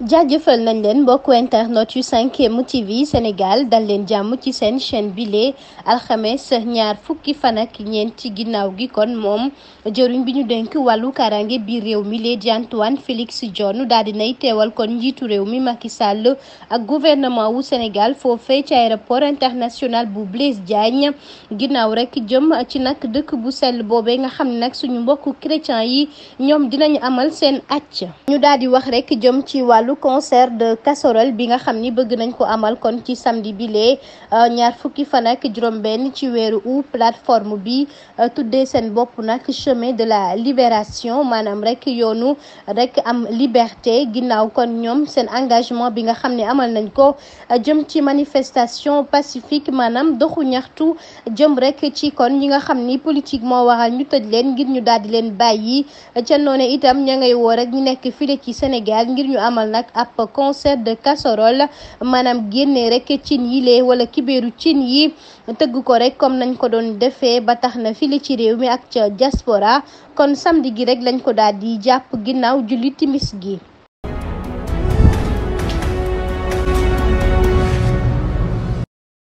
jëfal nañ leen mbokku internet yu 5M TV Sénégal dal leen jàmm ci seen chaîne bile alxames ñaar fukki fan ak ñeent ci ginnaaw gi kon moom jëriñ bi ñu denk wàllu karange biir réew mi lee di Antoine Félix Diome daal di nay teewal kon njiitu réew mi Macky Sall ak gouvernement wu Sénégal foofee ci aéroport international bu Blaise Diagne ginnaaw rek jëm ci nag dëkk bu sell boobee nga xam ne nag suñu mbokku chrétien yi ñoom dinañu amal seen acc ñu daal wàllu concert de casserole bi nga xam ni bëgg nañ ko amal kon ci samedi bilee euh, ñaar fukki fan ak juróom-benn ci weeru août plateforme bi euh, tuddee seen bopp nag chemin de la liberation maanaam rek yoonu rek am liberté ginnaaw kon ñoom seen engagement bi nga xam ne amal nañ ko euh, jëm ci manifestation pacifique maanaam doxu ñaxtu jëm rek ci kon ñi nga xam ni politique moo waral ñu tëj leen ngir ñu daal leen bàyyi ca noonu itam ña ngay woo rek nekk file ci Sénégal nag ab concert de casserole maanaam génne rek cin yi lee wala kibéeru cin yi tëgg ko rek comme nañ ko doon defee ba tax na fili ci réew mi ak ca jaspora kon samedi gi rek lañ ko daal di jàpp ginnaaw julli timis gi